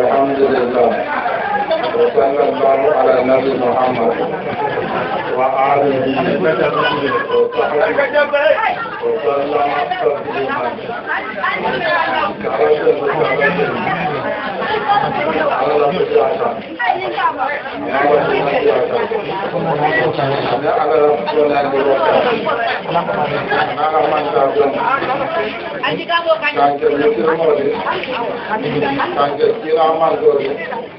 الحمد لله وصلى الله على النبي محمد اله وصحبه وسلم تسليما كرمت Kanker, kanker,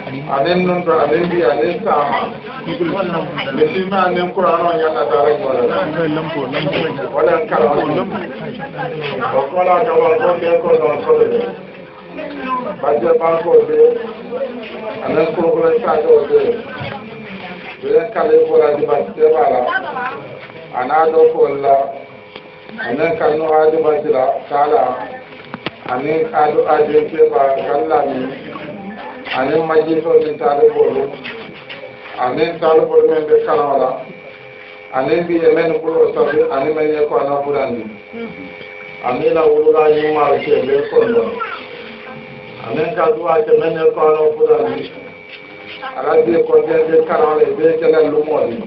anen nun to anen bi anen sama besi ma anen kurano yana tare gwada wala kala o kola ka wal ko ke ko don so de baje ban ko de anen ko ko sa ko de wala kala ko la di batte bala ana do ko la anen kan no adi batira kala anen adu adu ke ba kala ni ani majjito ɗin taaliboolu anin taaliboolu men ɓe kanawala anin mbiye men ɓuro sabi ani men ye ko ana ɓurandi anina wulula yimmaaro ke ɓe konɗon anin ka duwake men ye ko ana ɓurandi ala mbiye konten ɓe kanawala ɓe kelen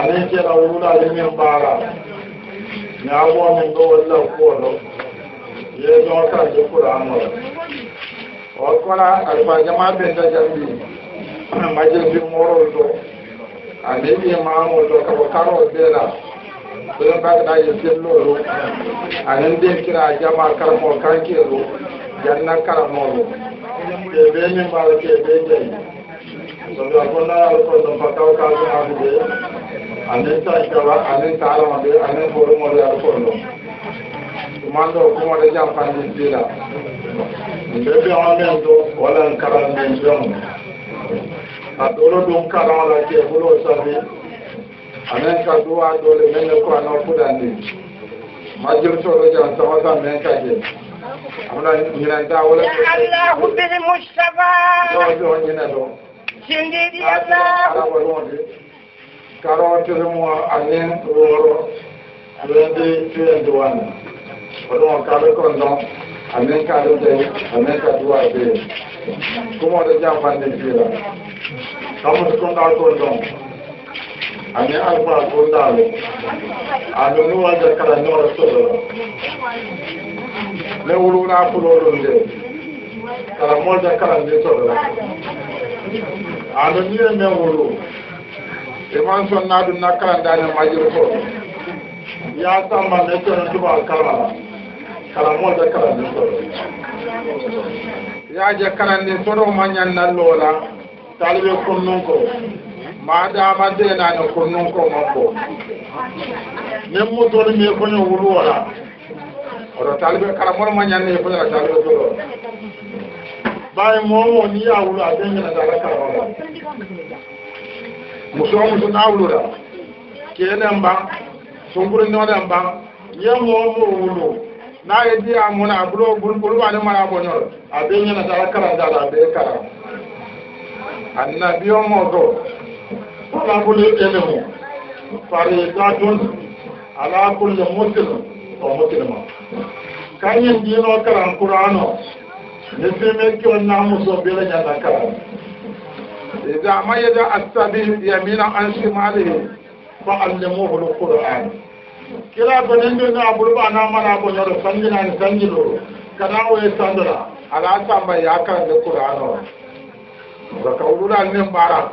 anenkyɛra wurare ne mbaara nyaabɔ meŋ ka wa la poɔ lɔ yɛ dɔɔ ka gye kura amɔrɔ ɔ kɔra alifajamaa bɛn ta jambi majebi mɔrɔ lɔ ale bi maa mɔ lɔ ka ba kara o bɛɛ la daga gona ko da fatawa ka ga abu da anin ta ka ba anin ta ala ma da anin ko mo da ko no kuma da kuma da jan fani dila da bi on men do wala an karan men jon a dolo don karan la ke bulo sabi anin ka duwa dole men ko an ko da ni majaliso da jan sama ta men ka je amna ni nan ta ya allah bi mustafa do do ni nan karotirimo anin woro rendi tuyendi wan oɗon kaɓe kon ɗon amin kaɗude amin kaduwa be kumoɗo jamfande fiira kamus kunɗa kon ɗon ani alfa kundaɓe ani nuwaje kala nuwara soɗora ne wuruna fuloɗum de kala molde kala ndi soɗora aɗo ñire men wolo eman sonna ɗum na kalandane majiro to ya samba ne kono tuba kalala kala molɓe kalande soɗo yaje kalande soɗo ma ñannalloola taliɓe konnun ko maadama denani konnun ko mambo min mutoni mi koño wuluwola oɗo taliɓe kala moɗo ma ñanne koñola taliɓe soɗo bayan mawon ni ya wuri a dangana da raka wa musamman sun aulura ke nan ba sun gurin nan ba yan mawon wuro na yi diya muna abulo gulgulwa ne mara bonyor a dangana da raka da da da ya kara annabiyon mazo kwakule ilimu faridatun ala kulli muslim wa muslima kanyin dino karan qur'ano ni fimel kiwon namuso bela ñalla kala ida mayida astabi yamina an shimalihi fa allimuhu lquran kila ko nen do na bulu ba na mara bo nyoro sanjina ni sanjilo kana o e sandora ala samba ya kan de qur'an o ba ka ulula ne mbara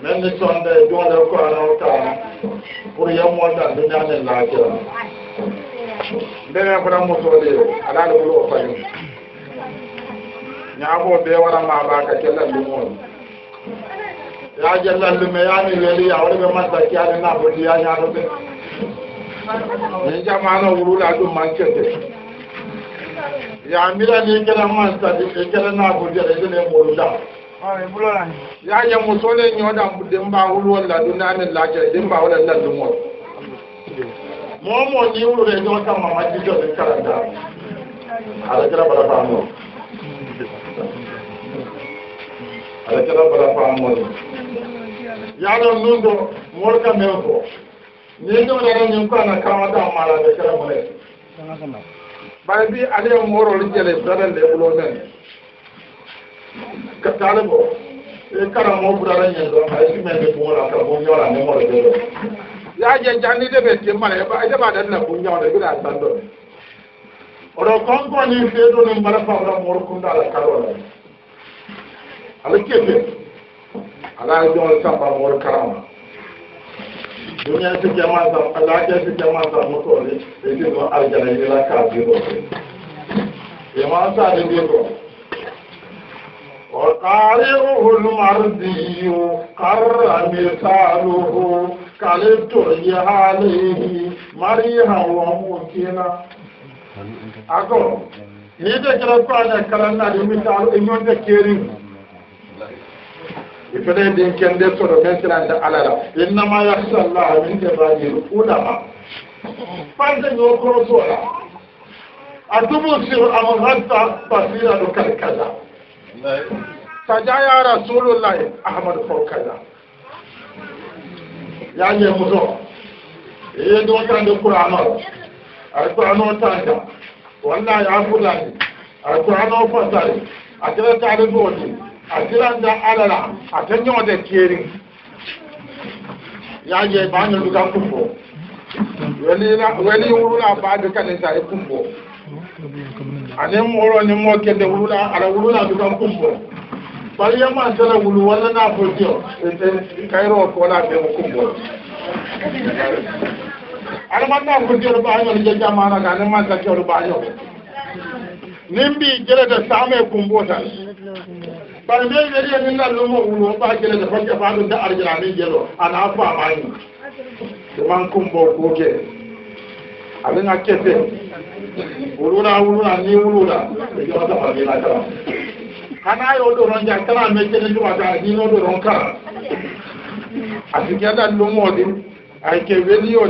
men ni sonde do le o ta pour yamo da do na ne la kira bere ko na mo so le ala o fayu ñaamoo bee wara maabaa ka ke lallumoolu yaa je lallume yaa ni weli yaa wara ɓe manta kiyaani naa boti yaa ñaato ɓe ni jamaano wurulaa ɗum man kete yaa mira ni kene mantati e kene naa boti aɗa kene moolu daa yaa je muso le ñooɗan dimbaa wulwol la ɗum kira bara faamoo ala kira bala faamol yaɗon min ko morka men ko ni ɗum ɗaɗa min ko ana kawata mala ɓe kira mo len ɓay mbi aɗa morol jele daɗan le ɓulo men tale ko e kara mo ɓurata ñen ɗon hay e simende ɓumola kala mo ñola memore ɓe ɗon yaaje jannide ɓe timmala heɓa jaɓa ɗanna ɓum ñawde mbiɗa tan ɗon oɗo konko ala kefe ala jɔn samba mori karama duniya ti jama sam ala jɛ ti jama sam muso ni e ti sɔn alijana yirila k'a di dɔ fɛ e ma sa ni bi kɔ وقارئه المرضي قر مثاله كالتعي عليه مريها وممكنا أقول نيجي كلا قاعدة كلا نادي مثال إنه تكيرين ifere din kende soro men sirande alala innama yahsa llaha min ibadihi ulama fande ño koro soola a tubsiru am hatta basiratu kal kaza saja ya rasulullahi ahmad fo kaza yañe muso ye do tande qur'an o alquran o tanda wallahi a fulani alquran o fasari a kira taade dooti atiranda alala atenyoode tiyerin yaje bañoluka kumbo welina weli wurula baade kanisa e kumbo anin woro ni mo kende wurula ala wurula dukan kumbo bari yamma sala wulu walla na fojo kayro ko la be kumbo ala man na fojo bañol je jamana ga ne man sa jor bañol nimbi jere da same kumbo tan bari ɓe ɓeɗiye min nallumo wuro on ɓa gele nde fodde fa ɗum de a na ana famani ɗuman kumbo a kese wuluna wuluna ni wuluna ron kana ron kara a ayike rediyo a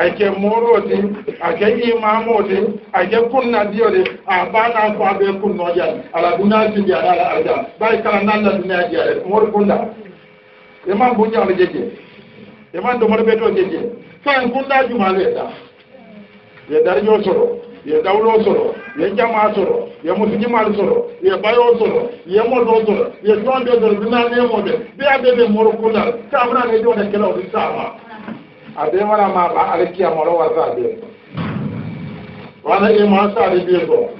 ayike moro din ayike imamo din ke kunna diyo din a ba na ko abe kunno ya ala duniya ti ya ala arda bai kala nan la duniya ya mor kunna imam bunya ala jeje imam do marbe to jeje kan da ya soro ya soro ya soro soro ya bayo soro soro ya o ade wala ma ba ale kiya mo lo wa sa de wala e ma sa de bi ko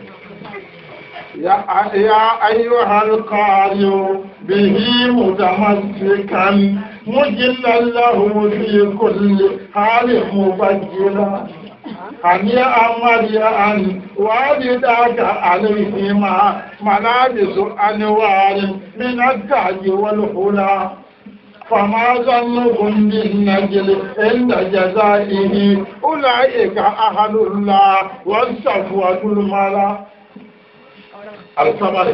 ya ya ayyuha al-qari'u bihi mutamassikan mujillan lahu fi kulli halin mubajjila أن يأمر أن والداك عليهما منابس أنوار فما ظنكم بالنجل عند جزائه أولئك أهل الله والصفوة المالا الصبر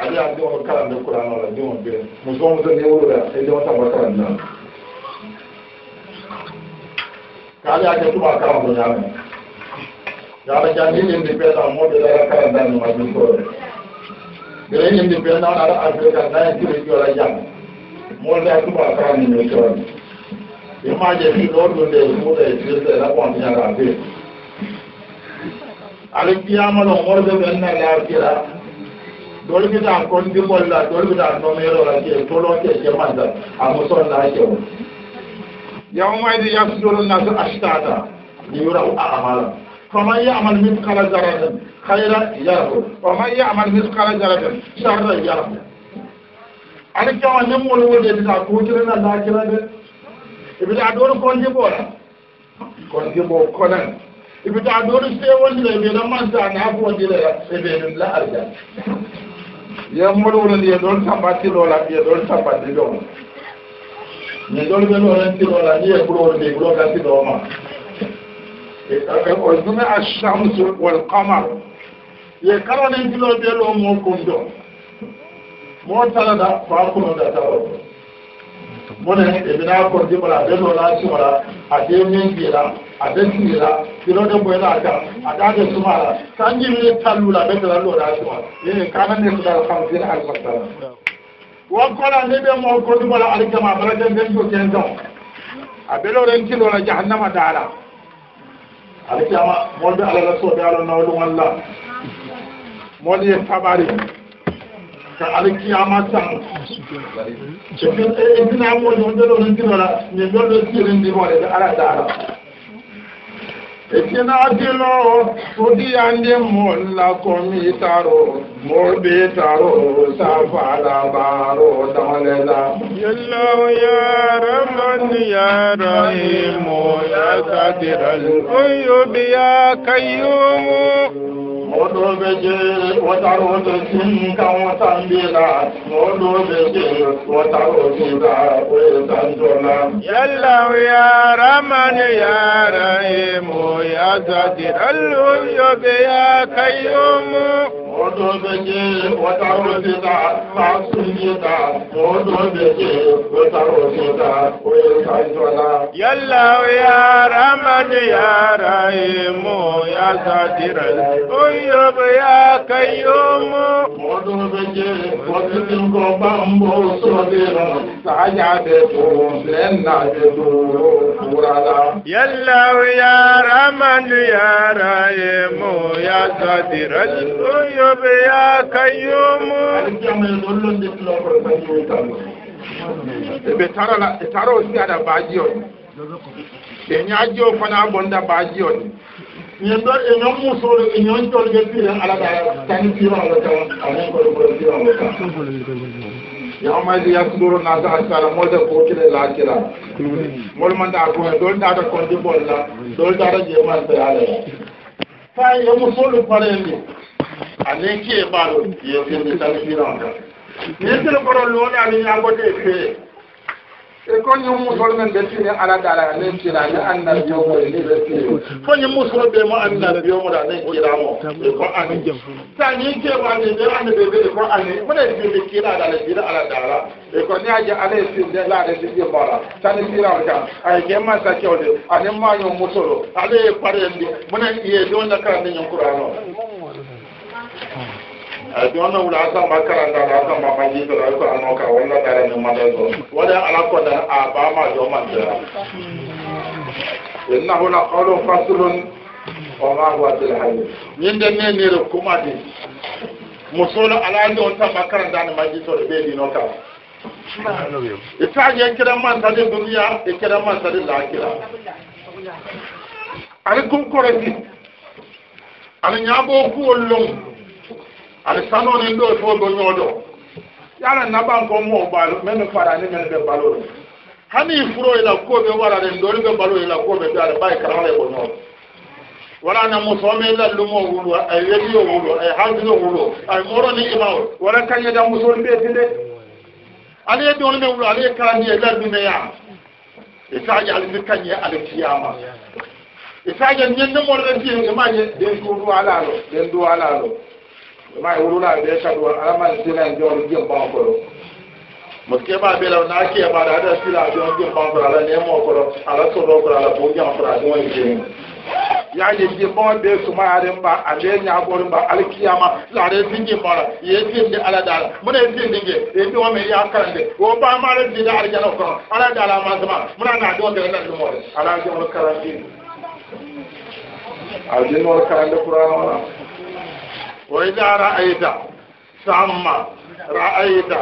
Ali adi wọn kala ní kura náà lọ́dún wọn bẹ̀rẹ̀. Mùsùlùmí musu ní ewúro rẹ̀ ẹjọ́ wọn sábà kala náà. Kàlí àti ẹtú bá kala wọn yàrá. Yàrá jáde ní ndí pẹ́ẹ́lá mọ́tò ní wàá bí sọ̀rọ̀. ní ndí náà lára wọ́n dá túbà káà nínú ìṣọ́rọ̀ yóò máa jẹ́ kí lọ́dún lè múlẹ̀ ìṣẹ́sẹ̀ lápọ̀ ní ara bẹ́ẹ̀ alìkíyàmọ́ lọ wọ́n rẹ̀ náà láàrín dọ́lùkítà kan ní bọ́lá dọ́lùkítà kan mẹ́rọ àti ẹ̀tọ́ lọ́tẹ̀ jẹ́ màdà àmúsọ́ láṣẹ̀ wọn yàwọn máa di yà sídọ́rọ̀ náà sí àṣìtàtà ní yóò àmàlà kọmọ yà àmàlà mẹ́sùkálà aɗa kewa nemmol wodede ta kutirana lakira de ibita ɗoɗo konde ɓoola konde ɓo konan ibita ɗoɗo sewondira ɓeɗa manta nafondira e ɓeɗum la arjan yemmol wonode ye ɗon tambattilola ye ɗon tambatti ɗon min ɗon ɓe ɗonentilola ni e ɓurowde ɓuro gasiɗoma o jume alchamse walkamar ye kala nentiloɓe ɗo mo kum mo talana fa kuno da tawo mune ebina kordi bala de no la sumara ade min gira ade gira kilo de boyla aka ada de sumara tanji mi talula be tala lo da sumara ye kana ne ko dal khamsin al masala wa kola ne be mo kordi bala al kama bala de den do ken do abelo ren kilo la jahannama de ala so do walla mo ye tabari alkiyama tan ibina woni on dolo non dinola ne dolo sirin ndi wole da ala dara etina dilo odi ande molla komi taro morbe taro safala baro dalela yallahu ya rahman ya rahim ya al qayyum ya اونو گجي ودعو ترتن کوره تن بيدا وتوبتي وتعودتا معصيتا وتوبتي وتعودتا ويسعدنا يا الله يا رحمن يا رحيم يا ساتر ايوب يا قيوم وتوبتي وتلك بامبو صدر سعجبتهم لنعجبتهم يا الله يا رحمن يا رحيم يا ساتر ايوب رب يا قيوم ebe tara la tara osi ada baaji on enya aji o fana abonda baaji on yen do enya muso enya ntol ge pire ala da tan pire ala da ala ko ko pire ala da ya ma li yasduru na ta asala mo da ko kile la kila mol man da ko do da da ko di bolla do da da je man ta ala fa yen muso lu pare ni anin ke baro yo firde talfira on kan ni tele boro lona ani angote fe e ko ñu musol men be tini ala dala ne tira ne anna yo ko ni be tini fo ñu musol be mo anna yo mo da ne tira mo e ko ani ta ni ke wa ni be ani be be e ko ani ko ne be be tira dala tira ala dala e ko ni aja ala ti de la de ti bara ta ni tira o ka ay ke ma sa ke o de ani ma ñu musolo ale pare ndi mo ne ye don na ka ni ñu qur'ano ayi tuma na wuli asa ma kalan da la asa ma ma ji sɔrɔ asa nɔ ka wala da la ni ma da sɔrɔ wala ala kɔ a ba ma jɔ ma jira innahu la qawlu faslun wa ma huwa bil hayy nin de ne ne ro kuma de muso la ala ndo ta ma kalan da ni ma ji sɔrɔ be di nɔ i ita je kira man ta de duniya e kira man ta de lakira ari kun kɔrɔ di ari nyaabo kuwo lɔn alisana ni ndo to do nyodo yala naba ko mo balo men fara ni men be balo hani furo ila ko be wala den do be balo ila ko be dare bay karale ko nyodo wala na musome la lumo wulu ay eh, yedi yo wulu ay eh, hawdi yo wulu ay eh, moro ni imaw wala kanya da musol be tinde ale yedi on be wulu ale kan ye la dume ya isaji al kanya al kiyama isaji nyen mo re ti ma ye den ko wala lo den do wala lo ma e wulula be ka do ala ma sila en jor jim ba ko do moske ba be la na ke ba da da sila jor jim ba ko ala ne mo ko do ala so do ko la bo jam fra do en jim ya ye jim ba be su ma are ba ale nya ko ba al kiyama la re tin jim ba ye tin de ala dala mun e tin dinge e bi o me ya kan de o ba ma re tin da arjana ko ala dala ma sama mun na do de na mo ala jor karanti al jin wal karanti qur'an wala وإذا رأيت ثم رأيت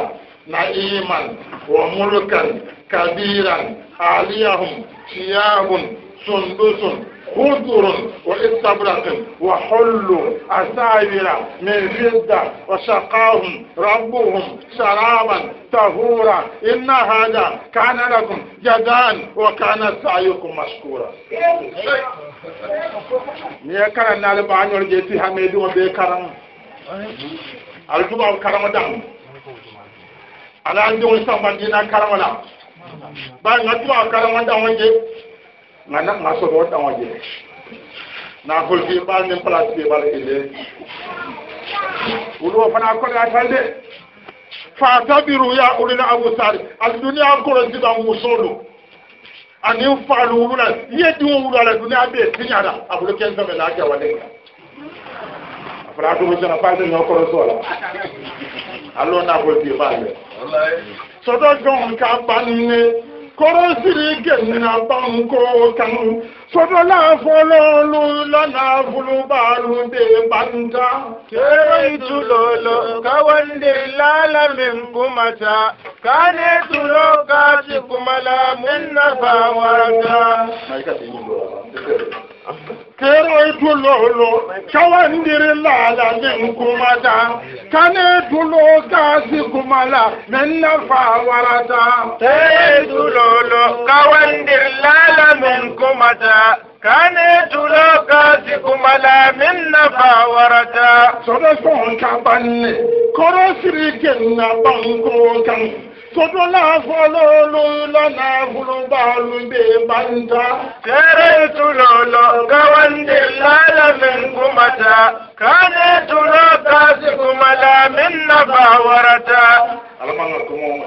نعيما وملكا كبيرا عليهم ثياب سندس خضر واستبرق وحلوا أساور من فضة وشقاهم ربهم شرابا طهورا إن هذا كان لكم جزاء وكان سعيكم مشكورا إيه؟ ni ye karan naale ma ñor je ti hame duma be karan ala tuba karama dam ala andi on samban dina karama la ba nga tuba karama dam wonje nga na nga so do dam wonje na hol fi ba ni place be bal ile wulo fana ko da de fa tabiru ya ulil abusar al dunya ko ran diba musulu ani n faalu wula n'i e ye diŋo wula la duniya bɛ yen tiɲa la a bolo kɛn fɛn bɛ n'a jawa ne kan a fɔra a dogo jana f'a bɛ ɲɔ kɔrɔ sɔrɔ la a lɔ n'a ko bi b'a mɛn sɔtɔ jɔn ka ban ni ye kóró siri gẹ̀yìn àbáǹkó kanú sọdọ́lá fọlọ́ọ̀lù lọ́nà fúlùbàlù dé bàǹdà. kéré ìtúlọ̀lọ̀ káwọ́ndé lálàmì nkúmàtà káné túlọ̀ káàtì kùmàlà múnàfà wàràkà kero dulolo shawandiri lala linkumada kane dulo gasi kumala menna fawarata kere dulolo kawandir lala minkumada kane dulo gasi kumala menna fawarata sodo son kabanne koro sirigen na bango kan Sodula fololu lana gulubalu be banta. Tere tulolo gawande lala min kumata. Kane tulo kasi kumala min nabawarata. Alamanga kumomo.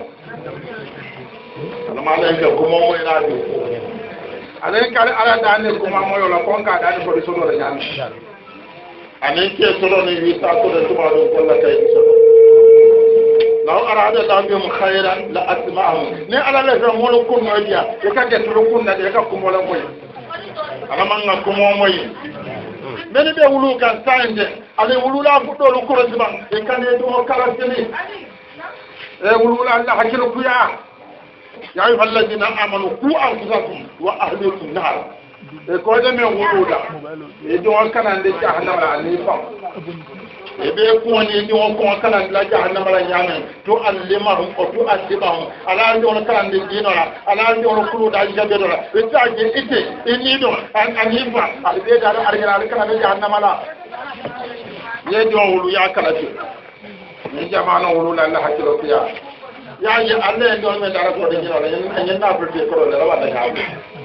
Alamanga kumomo ina bi. Alen kare ala dane kumomo yola konka dane ko disodo re nyami. Anen ke solo ni wita ko law arada la bihum khayran la asma'ahum ni ala la fa molo kun no dia e ka ke tulu kun na de e ka ko molo moy ala man na ko moy hmm. mene be wulu kan sande ale wulu la fu do lu ko resiba e kan e do kala sini e wulu la ebe kuwa ne ni won kuma kana la jahannama la nyame to allimahum ko to addibahum ala ndi won kana ndi dinora ala ndi won kulu da jabe dora ita je ite inni do an anifa albe da ar gara kana da jahannama la ye do wulu ya kala ce ni jama'a wulu la Allah hakilo fiya yaye alle en ɗon men ara koɗe jinore en nafoldi korole ala waɗa ñaaɓe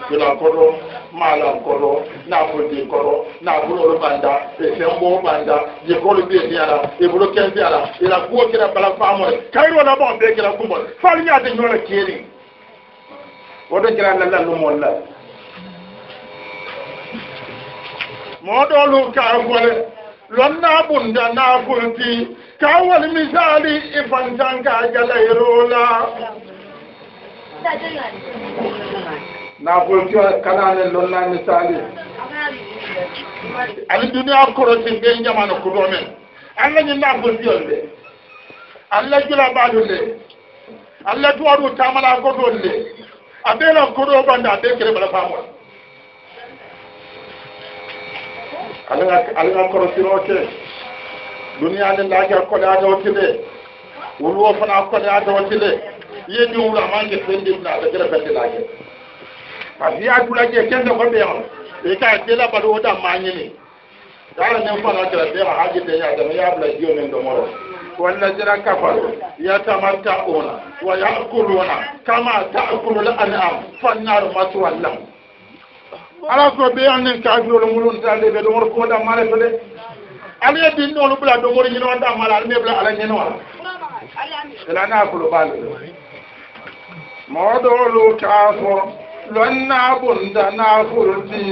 jula koɗo maalan koɗo nafoldi koɗo nafololo ɓanda e sembo ɓanda je kolo ɓiyeti ala e bolo kensi ala ila kuwo kira bala faamore kayrola ɓon ɓe kira kumbol fal ñaade ñoola keeri woto kira lalla lumolla moɗolu kaara kole lon na bunda na kurti ka wal misali ifan tanka gala yerola na kurti kana ne lon na misali ani duniya kurti be jamana ko do men alla ni na kurti yolde alla jula badule alla tuwadu tamala ko dolle abela ko do banda be kere bala famol ale ka kɔrɔsiraw kɛ duniya ni lafiya kɔlɔya dɔw ti dɛ olu o fana kɔlɔya dɔw ti dɛ i ye min wula a man kɛ fɛn den na a bɛ gɛrɛfɛ de la parce que i y'a kula jɛ kɛn tɛ kɔ bɛ yan i ka ye la balo o da maa ɲini yàrá ni n fana gɛrɛfɛ a hajj tɛ yàrá dɛmɛ i y'a bila jiw ni dɔmɔrɔ والذين كفروا يتمتعون ويأكلون كما تأكل الأنعام فالنار مثوى لهم ala ko be annen kafirol ngulon tande ɓe ɗomoro kuma dammale to de ala yeddi noolu ɓula domoro ñino on dammala ala mi ɓula ala ñeno ala elana kulo ɓaale moɗolu kaafo lon naabunda naafurti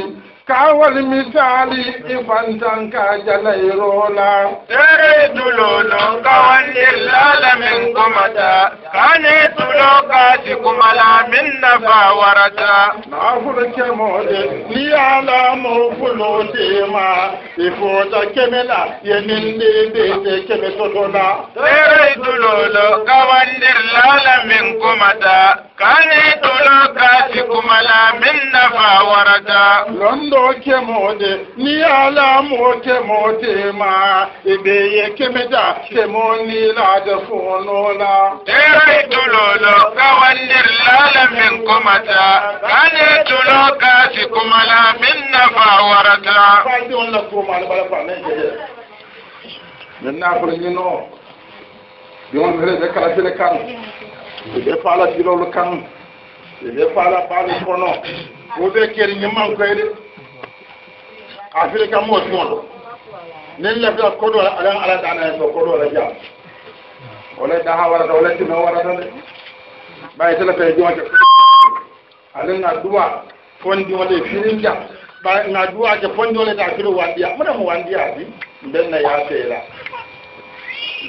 kawal misali ifantan ka jalai rola tere tulo no kawan dillala min kumata kane tulo ka si kumala min nafa warata mafurke mode liyala mo fulo tema ifota kemela yenin de de de kebe totona tere tulo no kawan dillala min kumata kane tulo ka si kumala min nafa warata londo ndoke mode ni ala moke mode ma ebeye kemeda temoni la da fonola tere tulolo kawanir lala min kumata kane tulo kasi kumala min nafa warata faidi wala kumala bala bala min nafa nyino yon mere de kala tele kan de fala dilolo kan de fala bala kono wo be keri nyimman koyde afirika mo tuŋo nin lafiya kodo ala ala ta na so kodo la ja wala da ha wala wala ti no wala dole bay tele fe jojo ala na duwa fondi wala firin ja bay na duwa ja fondi wala ta firu wandiya mun mo wandiya bi ben na ya sela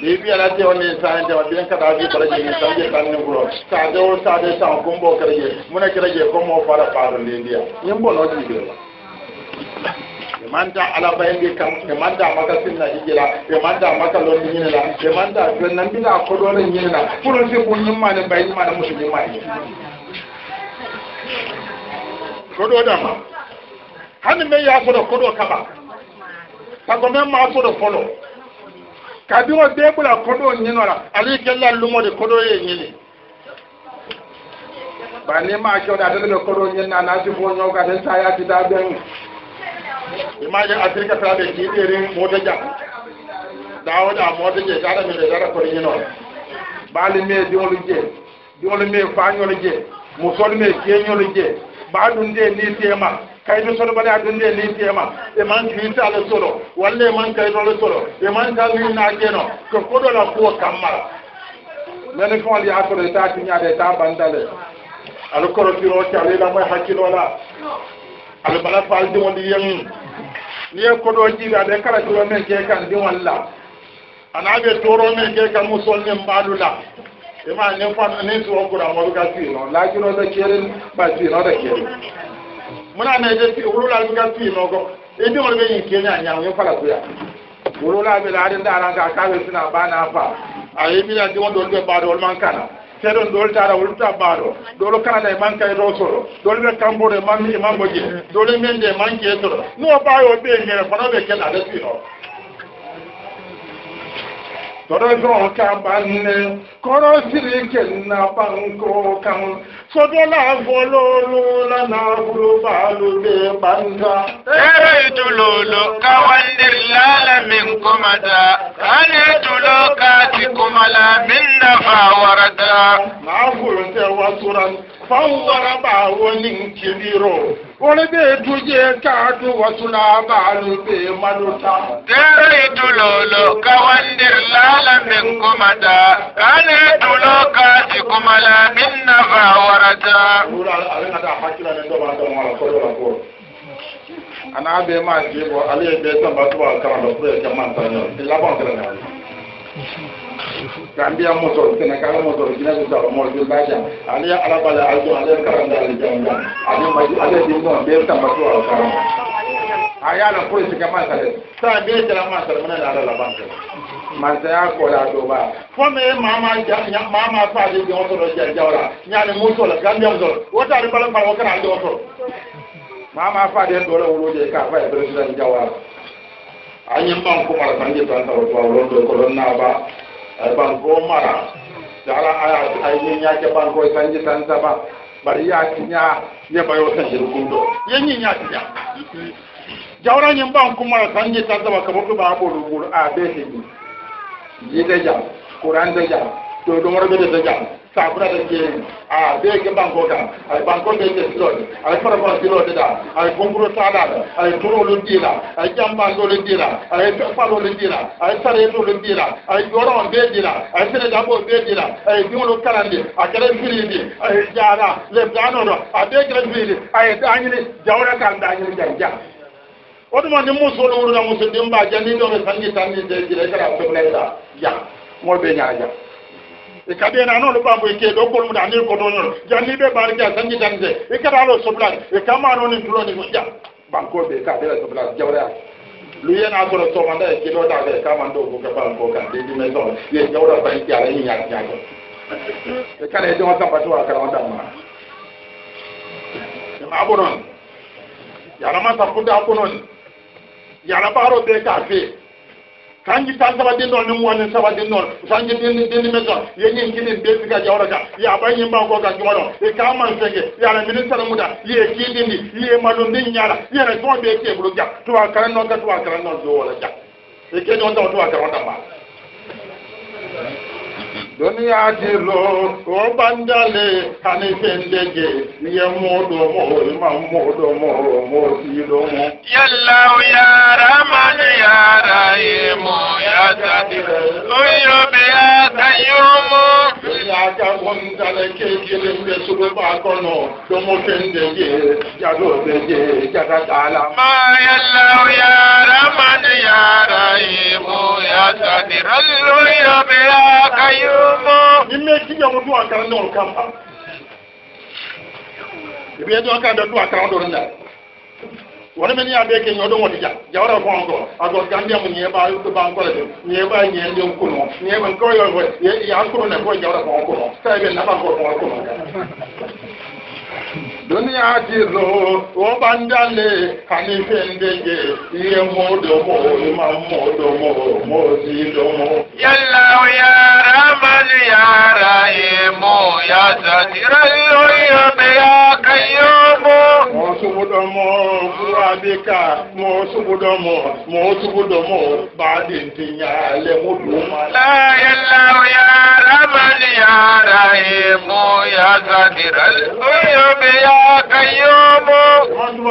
bibi ala te woni tan jawa bilen kada bi bara je tan je tan ne buro ta de o ta de ta ko mbo kare je mun kare je ko mo fara fara le ndiya yimbo no jibe ɓe manta ala bayende kam ɓe manta maka sinna hijira ɓe manta maka londe ñinela ɓe manta ɓe nandina koɗole ñinela pour si ko ñimmane mbaynimaɗe musulimaji koɗo ɗama hande min yasoɗo koɗo kaɓa sago min masoɗo folo kabiro ɓe ɓura koɗo ñinola ali kella lumode koɗo ye ñini ba ni ma kewɗa tata ɓe koɗo ñinna nasi fo ñowka ten sa yakita ɓen imaje afirka taɓe kiiɗerin motaja dawoɗa motaje taɗa mine taɗa koto ñinoo baali me diŋolu jee diŋolu me faañolu jee musolu me keeñolu jee baa ɗum de ni teema kaydo soto bale a ɗum de ni teema e man kiitaale soto walla e man kaydole soto e man talni naajeeno ko koɗola kuwo kammala mene fowol yaatoro e taa tiñaade e taa bandale ala korotiro cawlila moye hakkiloola aɓe mbaɗa faal diwonde yiyam ni ye koɗo jiigaɓe kala toro men ke kan diwon la anaɓe toro men ke kan musolni mbaalu la ima nin fan nin siwo kura moɓe e ka fiino laakirode kerin ɓa fiinode kerin muna na ide fi wulula ɓe ka fiinogo e diwol ɓe yin keña ñamin fala kuya wulula ɓe laarin daranka kaɓe sina ɓana fa a yimina diwon ɗon b'e ɓaaɗo ol man kana seeɗon ɗol tara wolluta baaɗo ɗolo kanada e manque kayto soɗo ɗol ɓe kamboɗo e man e mango je ɗole men de manque e soɗo no ɓaayo ɓe mere fana ɓe keɗa de suino toɗo gon ka ɓanne koro siri kenna ɓanko kan Sodolagololu na nagulu balube banda. Ere tulolo kawandir lala min kumada. Ani tulo kati kumala min nafa warada. Magulu te wasuran. Fawara ba wani kibiro. Wani be tuje kadu wasula balube maluta. Ere tulolo kawandir lala min kumada. Ani tulo kati kumala min nafa warada ata ana bɛ maa si bɔ ale ye bɛɛ sanba tuba kalan dɔ puruke ka maa ta ɲɔ laban kɛra kambiya motoro tene kala motoro kina ko sala mo jul baja ali ala bala aljo ala karam dal janga ali ma ala di mo be ta ma ko ala karam aya la ko se kama sale sa be tela ma sale mena ala la banke man ta ko la do ba fo me mama ja nya mama fa di jo to do ja jawra nya le mo to la kambiya mo to wota ri bala bala wakana aljo to mama fa de do la wolo de ka fa e be jawra anyi man ko mala kan je tan ta wolo do ko don na ba banko mara dala aya ay ni nya ke banko sanji tan saba bari ya ti nya ne bayo sanji kundo ye ni nya ti nya jawra ni banko mara sanji tan saba ka boko ba bo ru a be ni ye de ja qur'an de ja to do mara be de ja sabura da ke a da yake banco da banco banko da yake sirode ai fara fara sirode da ai kumburo sada da ai turo lundira ai jamba lundira ai falo lundira ai sare to lundira ai yoro on be dira ai sire da bo be dira ai diolo karande a kare firindi ai jara le dano do a be kare firindi ai danyi jawra kan danyi janja o duma ni muso lo wuro na muso dimba jani do be sanni sanni de jira kala to la ya mo be nyaa ya e kadi ena noon ɓamboy ke ɗo kolmude andir kotoñoɗo janniɓe ɓaari ga a danise e kaɗaɗo soblade e kamma noon en tuloni moƴƴa bankoɓe ka ɗeɗa soblade jawreyaka luyena kono somanda e kiɗotake kaman ɗo ko kabalan ko kan dedi maison ye jawra banki ala yiñaki ñako e kala e jogo sabbatowa kala o damma ma abo noon yarama sappude hakku noon yara ɓaaro ɓe ka fee sanji tan saba din ɗon nin woni saba din ɗon sanji dinni dinni men ɗon yeñin kiɗin ɓeydi ka jawra ka ya ɓay yimmanko ka juma ɗo e ka man fege yara ministére muda ye kiɗindi ye malum ndin ñaala yene ton ɓe keɓru ja tuwa karan noon ka tuwa karan noon duwola ja e keɗi on taw tuwa karan on ɗambaala duniya jiro o banjale, kani fendeje ye moɗo mo ma moɗo mo mo siɗo mo yallaw ya rahman ya rahimu ya tadir o yoɓe ya tayumu yaga gondale kekilin ɓe suguba kono ɗomo fendeje jaɗoɓeje jaga dala ma yallaw ya rahman ya mo ya tadir o yoɓe ya ayubu nimmekiya mu duwa kara ndoro kamba ibiye duwa kara duwa kara ndoro nda wani men ya be ke nyodo wodi ja jawra ko ngo ago gambia mu nyeba yu to banko le nyeba nyende ko duniya ti zo o bandale kani fendege iye modomo ima modomo mosi domo. yalla ya rahman ya rahimu ya satira ya be ya kayyumu. mo subudomo murabika mo domo mo subudomo baadi ntinya le muduma. la yalla ya rahman ya rahimu ya satira ya be ya يا قيوم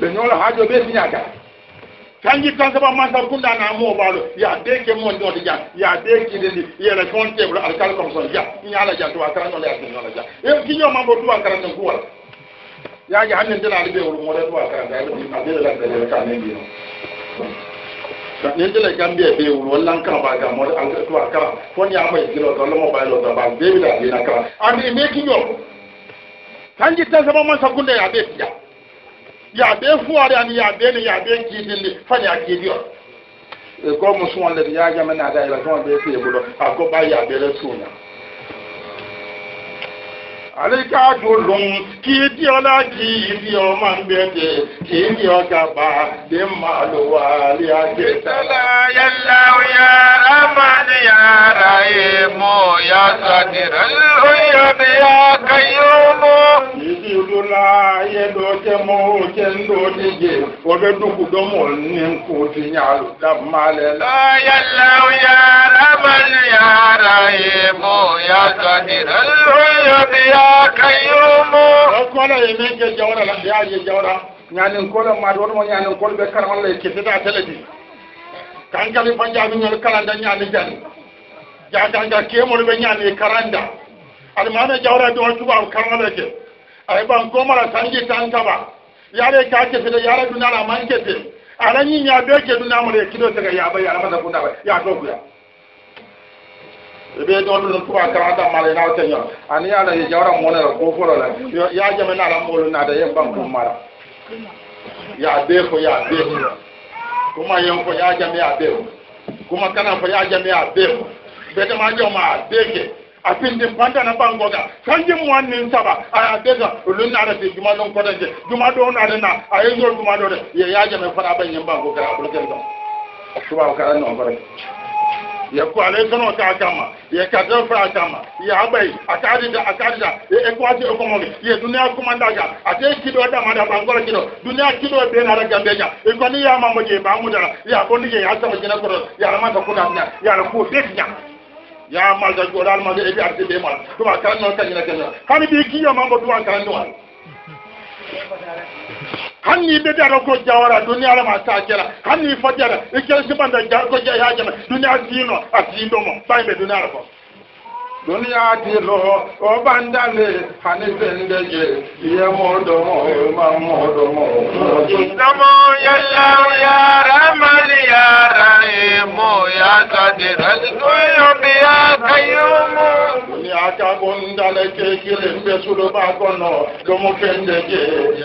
ɓeñoola kanji tan saba manta kunda na mo balo ya de ke mon do ja ya de ki de ni ya la kon te bla al kal kom so ja nya la ja to akara no la ja no la ja e ki nyoma bo to akara no kuwa ya ja hanen de la be wol mo de to akara da ni na de la de ka ne bi nin tɛna gambia bɛ wolo wala an kana b'a gan mɔ an to a kana fo ni an ma jigin lɔtɔ lɔmɔ b'a lɔtɔ b'a bɛɛ bɛ na den na kana a bɛ mɛ k'i jɔ kan ji tɛn sɛbɛn masa kun dɛ a bɛ tiya y'a bɛɛ fuwari ani y'a bɛɛ ni y'a bɛɛ kiidin de fa ni y'a kiidi yɔ ko musuwan lɛ y'a jamana da yɛlɛ fɛn bɛɛ t'e bolo a ko ba y'a bɛɛ lɛ sun alika gulun ki diola ki dio man bede ki dio gaba de malwa li ake sala yalla ya aman ya rahimu ya sadir al ya qayyum idiru la yedo jemo jendo dije odo dugu domo ni ko ti nyalu da male la yalla ya rabbal ya rahim ya qadir al ulub ya qayyum kola yeme je jawra la ya je jawra nyani kola ma do mo nyani kola be karmal le kitida teledi kan kali panjabi nyal kalanda nyani jani jatanga kemo be nyani karanda almana jawra do tuba karmal ke ay ban gomara sanji tankaba yare ka ke fida yare dunala man ke te aranyi nya be ke dunama le kido daga ya bai yara mata kunna bai ya dogu ya ibe don dun tuwa kara da male na ta nya ani ala ye jawra mona la ko foro la ya jame na la molo na da yan ban gomara ya be ko ya be kuma yan ko ya jame ya be kuma kana ko ya jame ya be beta ma afindin na bangoga kanjin wannin saba a desa ulun na da juma don kwadan je juma don na da na a yi zo juma don ya yaje mai fara ban yin bango kara bulgel don su ba ka nan fara ya ku ale sono ta kama ya ka ta fara kama ya bai akari da akari da ya ekwati economy ya duniya kuma daga a te kido da ma da bango kido duniya kido be na da gambe ja e ko ni ya mamaje ba mu da ya ko ni ya sama kina ko ya ma ta kuda ya ko be ya ya mal da joɗal ma de bi arti be mal to ma kan non kanina kanina hani bi kiya ma bo tuwa kan non hanni be da ko jawara duniya la ma ta kera hanni fajara e kesi banda jar ko jaya jama duniya dino asindo ah, mo sai be duniya ko duniya dilo o bandale hani bendeje iye modomo ma modomo damo yalla ya rahman ya rahim ya qadir razqu ya qayyum duniya ka gondale ke kire be sulu ba kono domo bendeje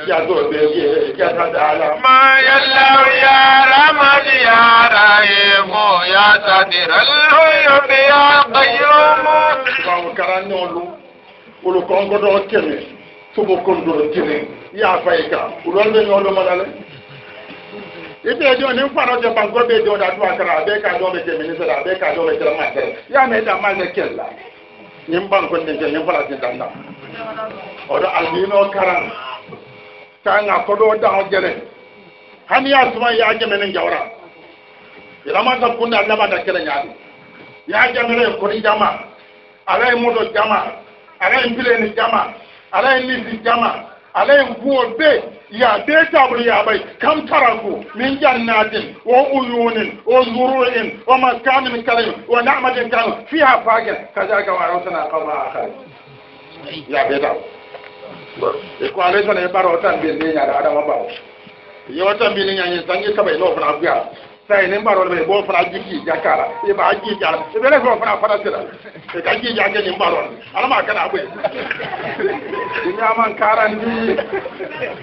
ya go beje ya tadala ma yalla ya rahman ya rahim ya qadir razqu ya qayyum bawo kara nyɔlu olu kɔnkɔdɔ kɛmɛ tubu kondoro kiri i y'a fa yi kan olu bɛ nyɔlu mana lɛ i bɛ jɔ ni nkpa dɔ ban kɔ bɛ jɔ da tu a kara a bɛ ka dɔ bɛ kɛmɛ ni sara a bɛ ka dɔ bɛ kɛmɛ ma sara y'a mɛ da ma ne kɛlɛ la ni n ba nkɔ ne kɛ ne fana ti da n da o de alimɔ kara k'an ka kɔdɔ da an jɛnɛ hali y'a suma i y'a jɛmɛ ni jawara yɛlɛma ka da laban da kɛlɛ ɲaari i y'a jɛmɛ ni kɔni ala ye moto jama ala ye nbileni jama ala ye lisi jama ala ye guwo bee ya bee taabolo yaabay kam taraku min jannatin wo uyunin wo zuruin wo maskanin kalayin wo namatin kanu fiha fagel kadalika wa arosana qawma akhari ya bee taw ko ale fana ye baara o tan bi ne ɲaga adama baw ye o tan bi ne sayi ne baro be bo fara jiki jakara e ba jiki jara e be le ko fara fara tira e ka jiki jake ni baro ala ma kana be dunya man karandi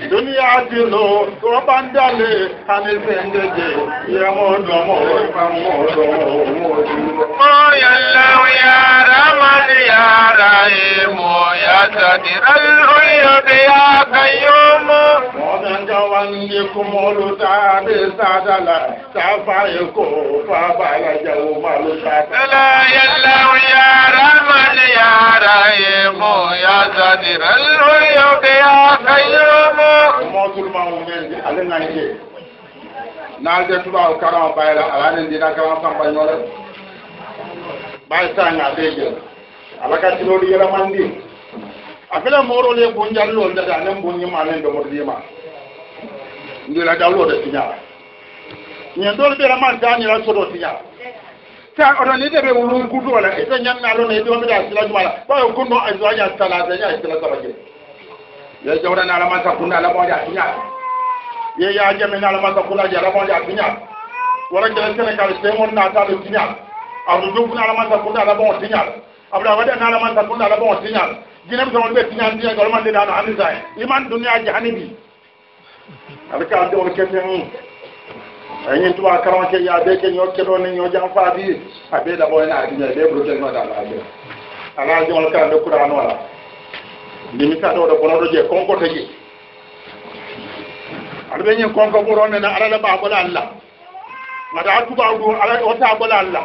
dunya dilo to bandale kanil bendeje ya mo do mo pa mo do mo mo ya law ya raman ya rahim ya tadiral ulul ya qayyum mo dan jawan ni kumulu ta be sadala ta fàyẹ̀kọ̀ fàbà alájàwò máa ló ta. ẹlẹ́ yẹlẹ́ yàrá máa ní yàrá yìí mú yàtọ̀ nìrẹ́ lórí òkè àkàyè mú. ọmọ tó máa ń wọnyẹ ní alẹ́ náà yẹ náà jẹ́ tó bá o kára wọn báyìí la àlá ní ndí náà kára wọn fà bá yọrẹ. báyìí sáà ń àbẹ́ jẹ alákàtí lórí yẹlẹ́ máa ń dì. àfẹ́lẹ́ mọ́rọ́ lé bonjá lóòjá dà ní bonjá máa ní ndọ́mọ́dé yé ma. ndí la dá lóòjá ti nyàrá ñen ɗo ɓeɗa man dañira soɗo siña ta oɗon ni deɓe wurum gudu wala ɓe ñammi alona e ɗo mbiɗa sila jumala ɓayo gunno a joaña salade ña e sila sabaje ye jawɗani alaman sakkunde alamoje a tiña ye ya jamini alaman sakkunaji alamoje a tiña wara gele sénégal semon nataɗo tiñal abdo jofni alaman sakkunde alabon tiñal abdo a waɗani alaman sakkunde alabon tiñal jinem tomon ɓe tiñal tiñal golomanɗeɗano anisa e iman duniyaji hanibi aɗa ka de on keten ẹ̀yin tó wà kára wọn kẹ́ yẹ abẹ́ kẹ́ ni ọ kẹ́ lọ ní ọjà ń fa bí abẹ́ dàbọ̀ yẹn àti yẹn ẹ̀bẹ́ burúkú ẹ̀gbọ́n dàbọ̀ abẹ́ aláàjọ wọn kára ní kúrò àánú ọ̀la nimisa dɔw de kɔnɔ dɔ jɛ kɔnkɔ tɛ jɛ ale bɛ ɲin kɔnkɔ kɔrɔ nɛnɛ ala de b'a bɔla a la nka taa o t'a bɔla a la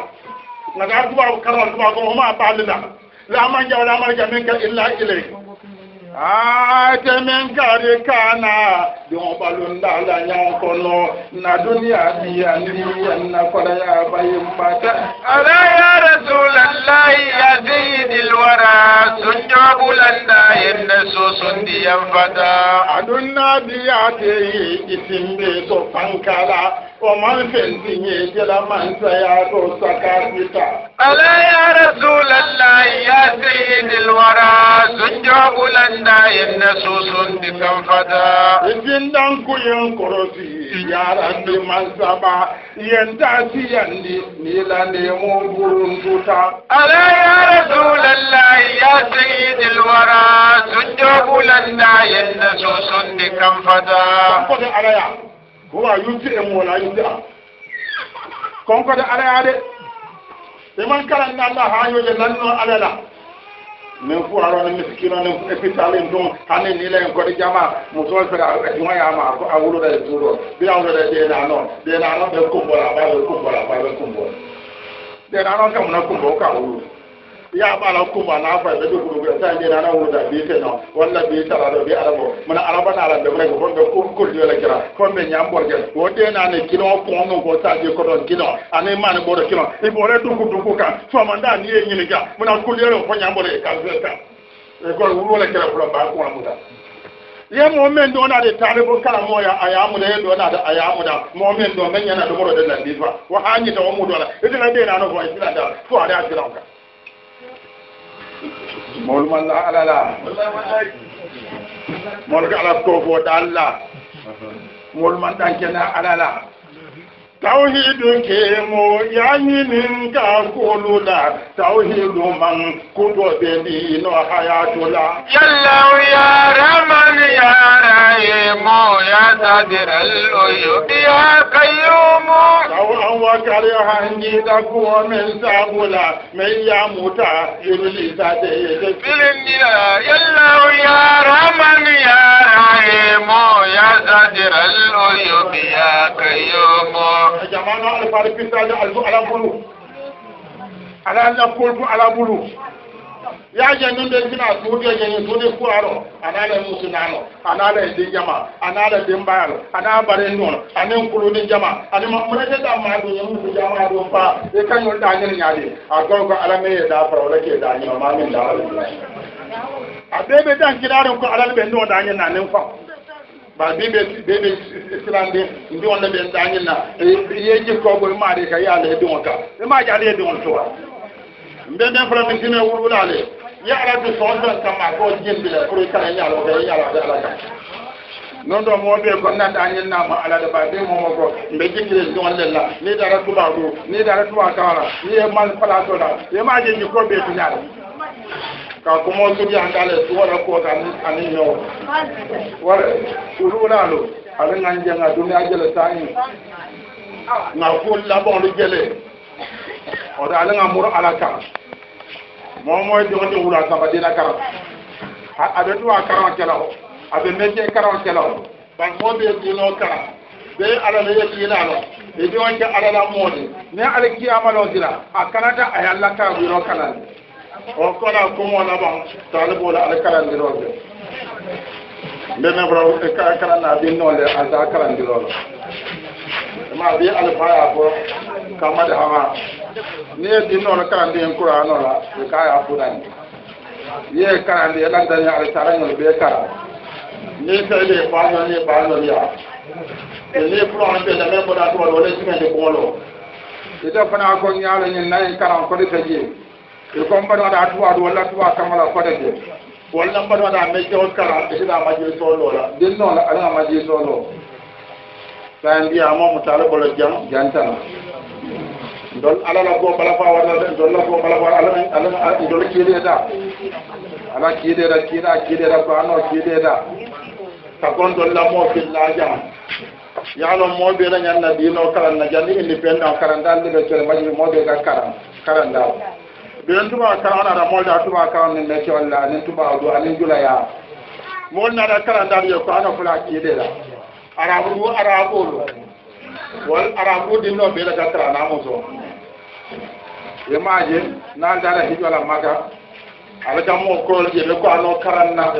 nka taa tuba kalan tuba o ma a man jan o la a man jan min kɛ illa ile atemen kare kana don balon dala yan kono na duniya biya ni na fara ya bayin mata ala ya rasulullahi ya zaidil wara sun jabu landa yanda so sun diyan fata adun na biya te itin be so fankala ومن في الدنيا جل من سيعد ألا يا رسول الله يا سيد الورى سجع لنا إن سوس بفنفدا إذن دانكو ينكرسي يا رب من سبا ينتاسي يندي نيلا نيمو ألا يا رسول الله يا سيد الورى سجع لنا إن سوس بفنفدا wala yuti e mola yuti a konkode alayade ɓe man kalanɗe allah ha yoje nanno alela min fu arono miskino nin hôpital en ɗum hanni nila en koɗe jama mo toon fera jumayama ko a wuluɗa e duuɗo mbiya wuluɗa e ɗena noon ɗena noon ɓe kumbola ɓa ɓe kumbola ɓa ɓe kumbola ɗena noon kam na kumbo ka wulude ya mala kuma na fa da duk ko ta je na na wuda bi te no walla bi tara do bi arabo mun araba na arabo ne ko be ko ko yo la kira ko be nyam borje o de na ne kilo ko no ko ta je ko don kilo ani man bo do kilo e bo re du ku du ku ka so man da ni e nyini ka mun na ko yo ko nyam bo le ka ze ka e ko wuro la kira fulo ba ko na muta ye momen do na de tare bo kala moya ayamu de do na de ayamu da momen do men yana do mo de la difa wa hanyi to mo do la e de na de na no ko e isla da ko ada asira ka مول مال لا لا لا مول قالت لا على لا tawhidu ke mo yani min ka kolula tawhidu man kudo be ni no hayatula yalla ya rahman ya rahim ya sadir al uyub ya qayyum sawan wa kare hanji da ko min sabula mai ya muta irli ta de filin ya yalla ya rahman ya rahim ya sadir al uyub ya qayyum jamano alfaari pistajo alfu ala bulu ala ñakkoltu ala bulu yaaje nun de sina suudio ñeñi suudi kuraro anala musinano anala di jama anala di mbayalo ana bare noon anin kuludi jama anima munete da maadu ñemudu jama ɗum fa e kañol ɗañen ñaadi a gorgo ala meye da fara wala ke dañima mamin dawal a ɓeɓe dan kiɗaɗum ko alal ɓe noo dañen nanin fam ba bebe bebe silande ndi wonde be tani na e, ye ji ko bo ma de ka ya le don ka e ma ja le don to mbe mbe fara min tine wuru la le ya rabu son don kama ko jin bi la ko ta ya lo ka ya la ala ka non do mo be ko nan da nyen na ma ala da ba be mo ko mbe jikire don le la ni da ra tuba do ni da ra tuba ka la ni e mal pala to da e ma je ji ko be tinya ka kuma su biya ka le su wala ko ka ani yo wala suru na lo ala ngan je nga duniya jele tani na ko la bon le jele o da ala ngamur ala ka mo mo de wonde kara abe o abe meje kara kala o ban mo be kara be ala le yeki na lo e de ala la mo ni ne ala kiyama lo dira akana ta ayalla ka wiro kala on kola kumo laban talibu da alkalan dirobe bene bro ka kala na bin no le an da kalan dirobe ma bi alfaya ko kama da hawa ne din no kalan din qur'ano la ka ya fudan ye kalan din dan dan alkalan no be kara ne sai le fa no ne ba no ya ne pro an be da me boda to wala ne ko lo ita e fana ko nyaalo ni nay kalan ko de taji e ko mbaɗa waɗa tuwaɗo walla tuwa kamala fota de walla mbaɗa waɗa mejjewol kala ɓeɗa majjiri sooloola ndin noon aɗaa majjiri sooloo sa en mbiyama mo taala ɓolo jam jantana dol alala ko bala fa warna ɗen dolla ko bala war alaa alaa dol kiiɗeeɗa ala kiiɗeeɗa kiiɗa kiiɗeeɗa ko anno kiiɗeeɗa ka kon dollamoo filla jam yaalon mooɓeeɗa ñanna diinoo karan na janni indépendant karan dal ɗe ɓe cere majjiri mooɓe ka karan karan dal biren tuba kala ala da molda tuba kala ne ne ci walla tuba do ani jula ya mol na da kala da yo ko ana fula ki de la arabu arabu wal arabu din no be la ka kala na mo so ye maje na da la hijwala maka ala jam mo ko je be ko ano karan na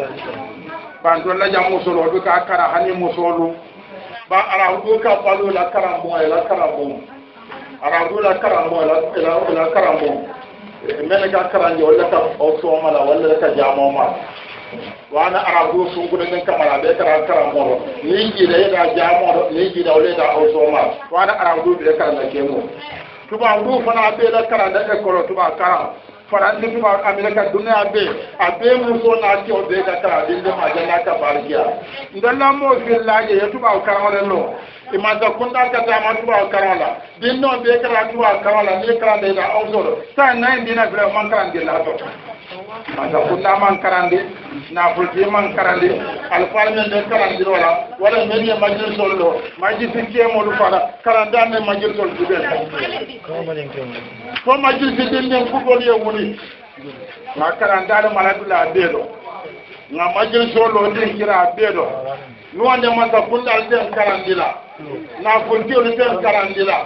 ban to la jam mo so lo be ka kara hani mo so lo ba arabu ka palo la karambo la karambo arabu la karambo la karambo men ka karanje walla ka o soomala walla ka jaamooma wana arabu sunkude men kamala ɓe kara karamoɗo ni jiida yeɗa jaamoɗo ni jiida o leyda o sooma wana arabu ɓe karanda kemo tuba ndu fana ɓeeɗa karanda école tuba kara faranti tuba america duniya ɓe a ɓe muso naati o ɓe ka kara ɗinde ma janna ka barkiya ndella mo fillaje ye tuba karaoɗen no imanta kunda ka ta ma tuba karan la din no be karan tuba karan la ne karan de da awso sa nan dina bra man karan de la to manta kunda man karan de e na fulti man karan de alfal men de karan de wala wala men ne majir sol do maji fi ke mo lu fara karan da ne majir sol de ko majir fi din den ku gol ye wuni ma karan da da mala dula be do nga majir sol do din kira be do nuwa de kunda al den karan de la na olu tɛ karandi la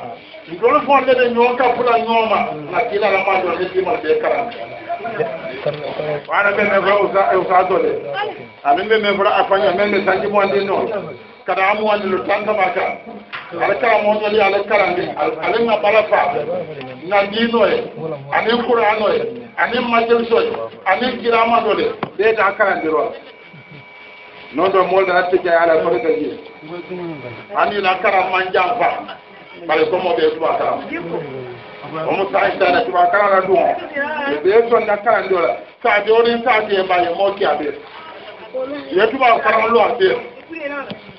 ntolu fɔ ne de ɲɔgɔn ka fula ɲɔgɔn ma na k'i la ma dɔn ne k'i ma bɛɛ karandi wa bɛ mɛn fɔlɔ o sa o sa dɔ dɛ a min bɛ mɛn fɔlɔ a fa ɲɛ mɛn bɛ sanji mɔgɔn den nɔ ka da an mɔgɔn de lo tan saba kan ale karamɔgɔ dɔ de ale karandi ale ŋa bala fa ŋa di nɔ ye ani kura nɔ ye ani majɛlisɔ ye ani girama dɔ de bɛɛ da karandi rɔ non ɗo molɗo artike ala torika ji anila karam man jam fa ɓale o tuba karam omo saitana tuba karala ɗum o e ɓe sonna karan ɗola sa jorin sati e mbaye mokki a ɓe ye tuba karam lo a ɓe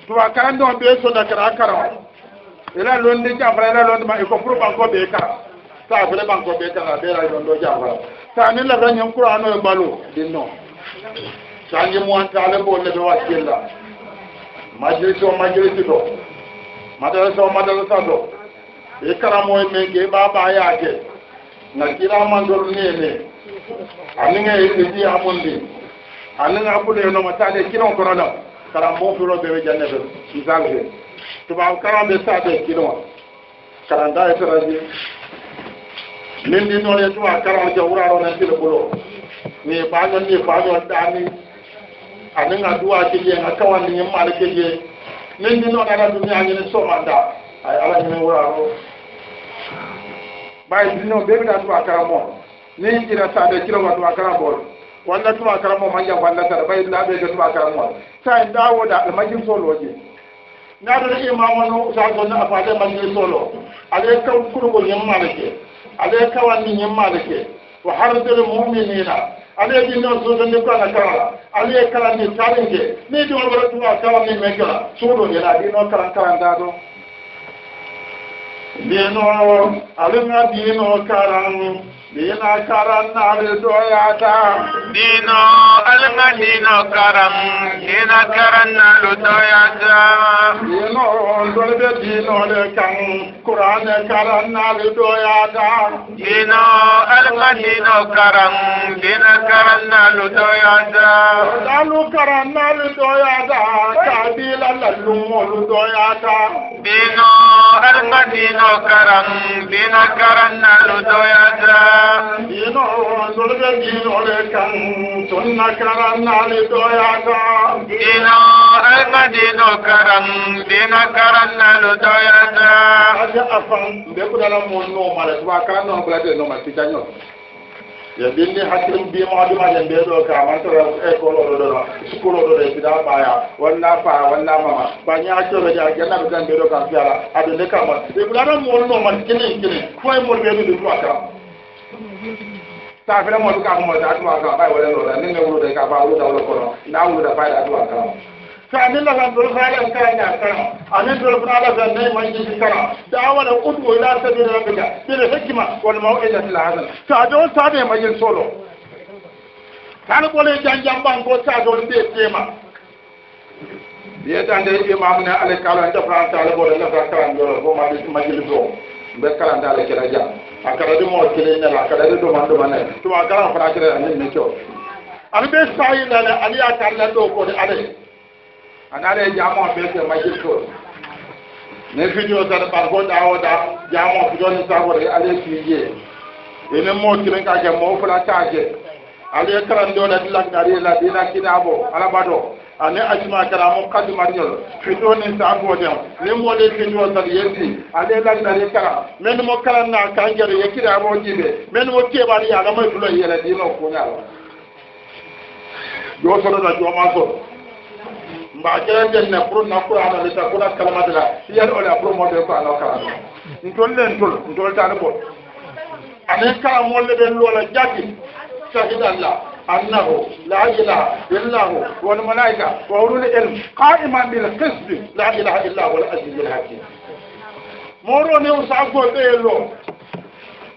tuba karan ɗon ɓe sonna kara karam ela londe jamfara ela londe ma iko pour ɓankoɓe karam sa fele ɓankoɓe karam ɓeera ɗon ɗo jamfara sa ni lafa ñin courano e mbalo ɗin noon sanji muwanta ala bo le be wa kella majlisi o majlisi do madarasa o madarasa do e karamo e men ke ba na kira man do ne ne ani nge e di amundi ani nga bu le no mata le kira ko rada karambo furo be be janne be sizalhe to ba karambe sa be kira karanda e taraji nin di no le to karambe jawra ro na tilo bolo ni ba no ni ba no dani anin addu'a keliye nga kawandi ñin maari keliye nin di noon ala duniya ñini somanda ay ala ñini wuraro ɓayi dino ɓeɓeɗa tuba karamo nin ina sade kirowa tuba karamol walla tuba karamo manja wallatara ɓayi laɓeje tuba karamol sa dawoda ɓe majjin soloje naatata imama no sagonno afade majjin solo alaye kaw kurgol ñin maari ke alaye kawanni ñin maari ke wa hardere muminina aliye ɗin noon suutande ko ala kala aliye kalanni talinge ni ɗum waɗa tuwa kalanni men kala suuɗo hela ɗino kalan kalanta ɗo mbiyeno alunga mbiyeno kalan Dina karam na bi Dino alma dino karam, dina karam na lu Dino dolbe dino le kang. Kurane karam na bi Dino alma dino karam, dina karam na lu doya ta. Dalu karam na lu doya ta, kabila la Dino alma dino karam, dina karam na lu ino zurbe dinole kan tunna karan nali doyata ino almadino karan dina karan nalu doyata aja afan be kudala mo no mala tuba kan no bla de no ma tijanyo ya bindi hakim bi ma du ma den be do ka man to e ko lo do do skulo do de da ba ya walla fa walla mama ba nya to be ja janna be dan be do ka fiara adu ne ka ma e kudala mo no ma kinin kinin ko e mo be do ta fɛnɛ mɔlu ka mɔ ta tuma kan a b'a wɛrɛ lɔra ne bɛ wolo da i ka ba wolo da wolo kɔnɔ n'a wolo da ba da tuma kan sani la ka dolo fana la ka ɲa kan ani dolo fana la ka ne ma ɲi kan da wala o tugu ila ta bi la bi la bi la hikima walima o ila tila do ta de ma yin solo kan ko le jan jan ban ko ta do de tema ye tan de imam ne ale kala ta fara ta le ko le ka kan do ko ma bi ma yin bɛ kalan le kɛra jan a kɛra di mɔgɔ kelen ɲɛ la a kɛra di dɔman dɔman dɛ tuma a kalan fana kɛra ani ne kɛ ale bɛ sa yi la dɛ ale y'a kari la dɔw ko ni ale a n'ale ye jaama bɛɛ kɛ ma jiri ko ne fi jɔ ta ba ko da o da jaama fi jɔ ni sa ko de ale fi ye e ni mɔgɔ kelen k'a kɛ mɔgɔ fila t'a kɛ ale ye kalan dɔ la dilan ale ye ladina kini a bɔ ala b'a dɔn ane ajuma karamo kaduma nyol fito ne sa goden ne mo le fito dal yesi ale la dal kara men mo kala na kanjer yekira mo jibe men mo keba ya la mo fulo yela di no ko nyala do so da jo ma so mba kere jen ne pro na ko ana le ta ko na kalma dala yar ola pro mo de ko ala kara ntol len tol ntol ta ne bo ane kala mo le den lola jati sahidallah أنه لا إله إلا هو والملائكة وأولو العلم قائما بالقسط لا إله إلا هو العزيز الحكيم moro ne o sa go be lo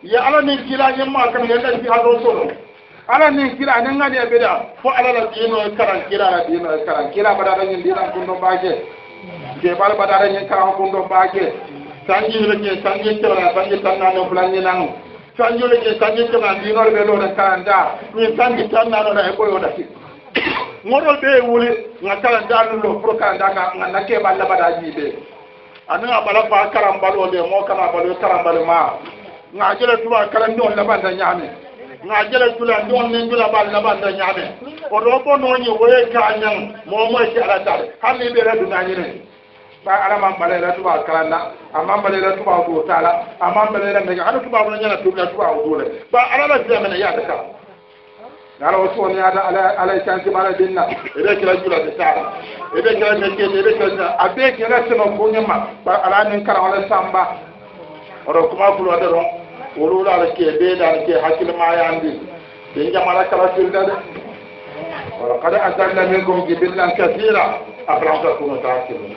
ya ala ni kila ni ma kan ya da bi hado solo ala ni kila ni ngani be da fo ala la dino karan kila la dino karan kila bada da ni dina kun do baje je bal bada da ni karan kun do baje sanji le ke sanji to la sanji tan na no plan ni nanu sanjoleke sanjintoga ndinol ɓe looda kalanda min sanji tan nanoɗa e ɓoyoɗa ti ŋorol ɓe e wuli ga kalanda na pour kalanda ga ga nakkeɓa labaɗa jiiɓe anin a ɓala fa karambalole mo kana balo karambale ma ga jele tuba kalandi on laɓanta ñaame ga jele tula ndi on nin dula ɓa laɓanta ñaame oɗo bo noñi woye kañan momoye ti alatare hanni ɓe redunañine ala man bala ila tuba kalanda amman bala ila tuba go tala amman bala ila mega ala tuba wona nyana tuba tuba go le ba ala la tiya mena ya daka ala wasu wani ada ala ala tanti mala dinna ida kila jula ta tala ida kila meke ida kila abe kila sino ko nyama ba ala nin kala wala samba oro kuma kulo da ron woro la ke be da ke hakil ma ya andi den jamala kala sirda de ولقد أزلنا منكم جبلا كثيرا أفلم تكونوا تعقلون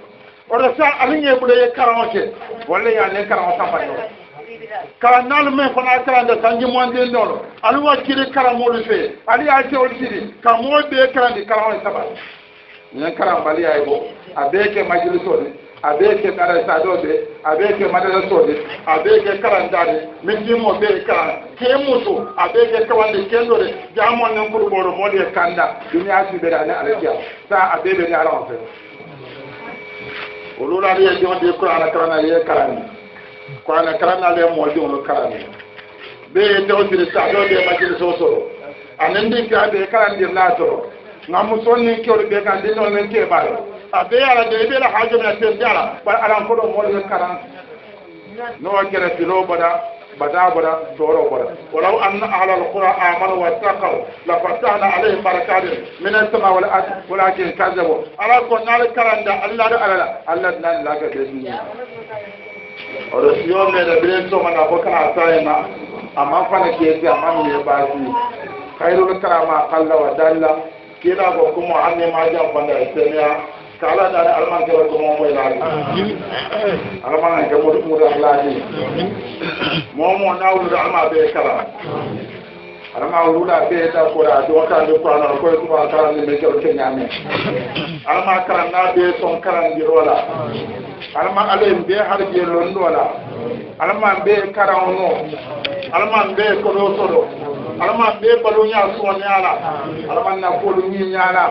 oto sa alin ye ɓuɗo ye karaŋo ke ka ye alen karaŋo sanfaño kara naalu men fana karande sanji monden ɗolo ali wa kiri karamoolu fee ali ya ye kewol siri ka moo ɓee karandi karaŋo e saba ñen karan bali yaye bo a ɓee ke so majilisode a ɓee ke ɗarasaɗoɓe a ɓee ke so madarasode a ɓee ke karandade min jimmo ɓee karan ke muso a ɓee ke kawande kendore jamol nen kurɓoro moolu ye kanda ɗum yaasiɓeɗe ane alakiyam sa a ɓeɓe ni alaon fe. olu la ni ye jɔn di kuranɛ kalan i ye kalan ne kuranɛ kalan n'ale ye mɔdenw olu kalan ne bɛɛ ye dɔw jiri sa dɔw de ye majiliso sɔrɔ ani n den kira de ye kalan den n'a sɔrɔ nka muso ni kɛ olu bɛɛ kan den dɔw ni kɛ b'a la a bɛɛ y'a la de i bɛ la hajj min na sen t'a la bari ala ko dɔ mɔdenw kalan n'o kɛra filo bada بدا بدا دورو بدا ولو أن أهل القرى آمنوا واتقوا لفتحنا عليهم بركات من السماء والأرض ولكن كذبوا ألا كنا لكرن الله لا الله لا لا كذبنا ورسيوم لبلين ثم نفكر عطاينا أما فنكيتي أما ميباسي خير الكرامة قل ودل كلا وكم عني ما جنبنا السميع taala dara alman kala ko momo ilaali alman ke mo mo da laaji momo nawlu da alma be kala alama wulula be da ko da do ka do qur'an ko ko ba kala ni me ko kenya me alama kala na be son kala ni rola alama ale be har je londo la alama be kara ono alama be ko do soro alama be balu nya so nyaala alama na ko lu nyaala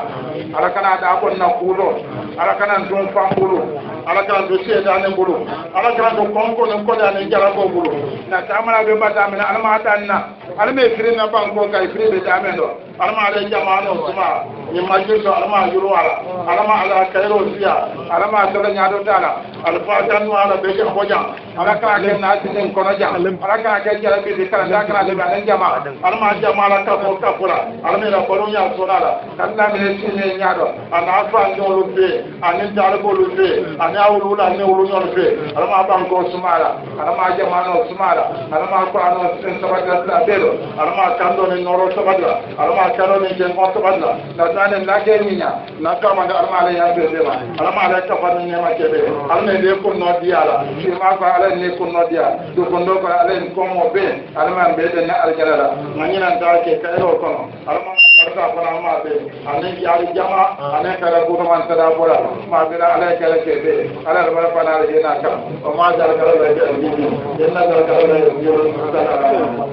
alakana da ko na kulo alakana ndon fa kulo ala kana don seeda ne bolo ala kana don kɔnko ne kɔli ani jarabɔ bolo na taamana bɛ ba daminɛ ala ma taa na ala na ban ko ka firi bɛ daminɛ dɔ ala ma ale jama ne suma nin ma jiri dɔ ala ma yuru a la ala ma ala kayiro siya ala ma sɛbɛn ɲaadɔ t'a la alifa ta nu ala bɛ kɛ fɔ de kana taa kana dɛmɛ ale jama ala ma jama la ka fɔ ka fɔ la ala mi yɛrɛ balo y'a sɔrɔ a la ka a n'a fa ɲɔgɔn bɛ yen ani awulu la ne wolo ɲɔgɔn fɛ ala ma ban kɔ suma nɔ suma la ala anɔ sen sabati la bɛɛ lɔ ala ma ni nɔrɔ sabati la ala ni jɛnkɔn sabati la na taa ni lajɛ min na ale y'a bɛɛ ma ala ale kafa ni ɲɛma cɛ bɛɛ ala ne ko nɔ di la i ma fɔ ne ko nɔ di a kɔ ale ni kɔmɔ bɛɛ ala ma bɛɛ dɛ ni la nka ɲinan t'a kɛ ka yɛrɛ kɔnɔ ala arka fana ma be ane yari jama ane kala ko man sada bora ma be ala kala ke be ala ba fana ala jena ka o ma jar kala be ke ni jenna kala kala be yo sada ala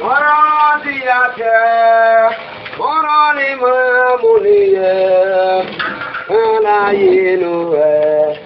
وراديك ورا الإمام لي أنا ينوي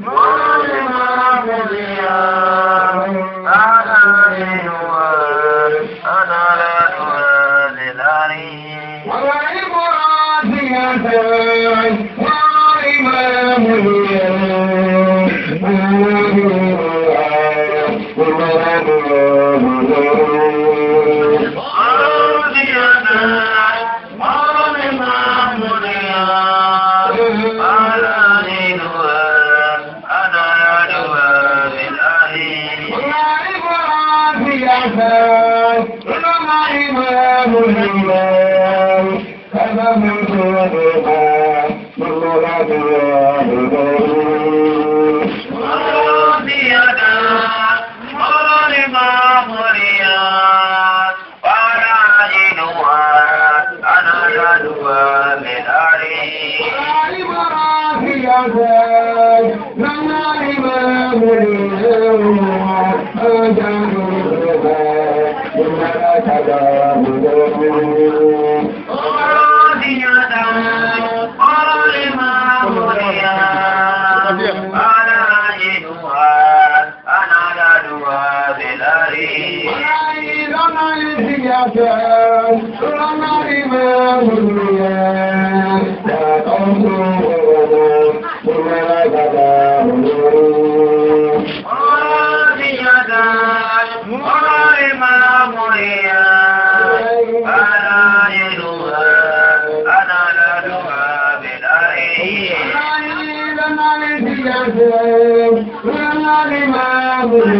ظلما مبينا Allah يفعل رمى إمام الرياء لا تنظر Thank you.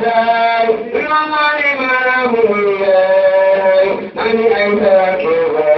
الأحزاب وظلم لهم الله أن أنهاكم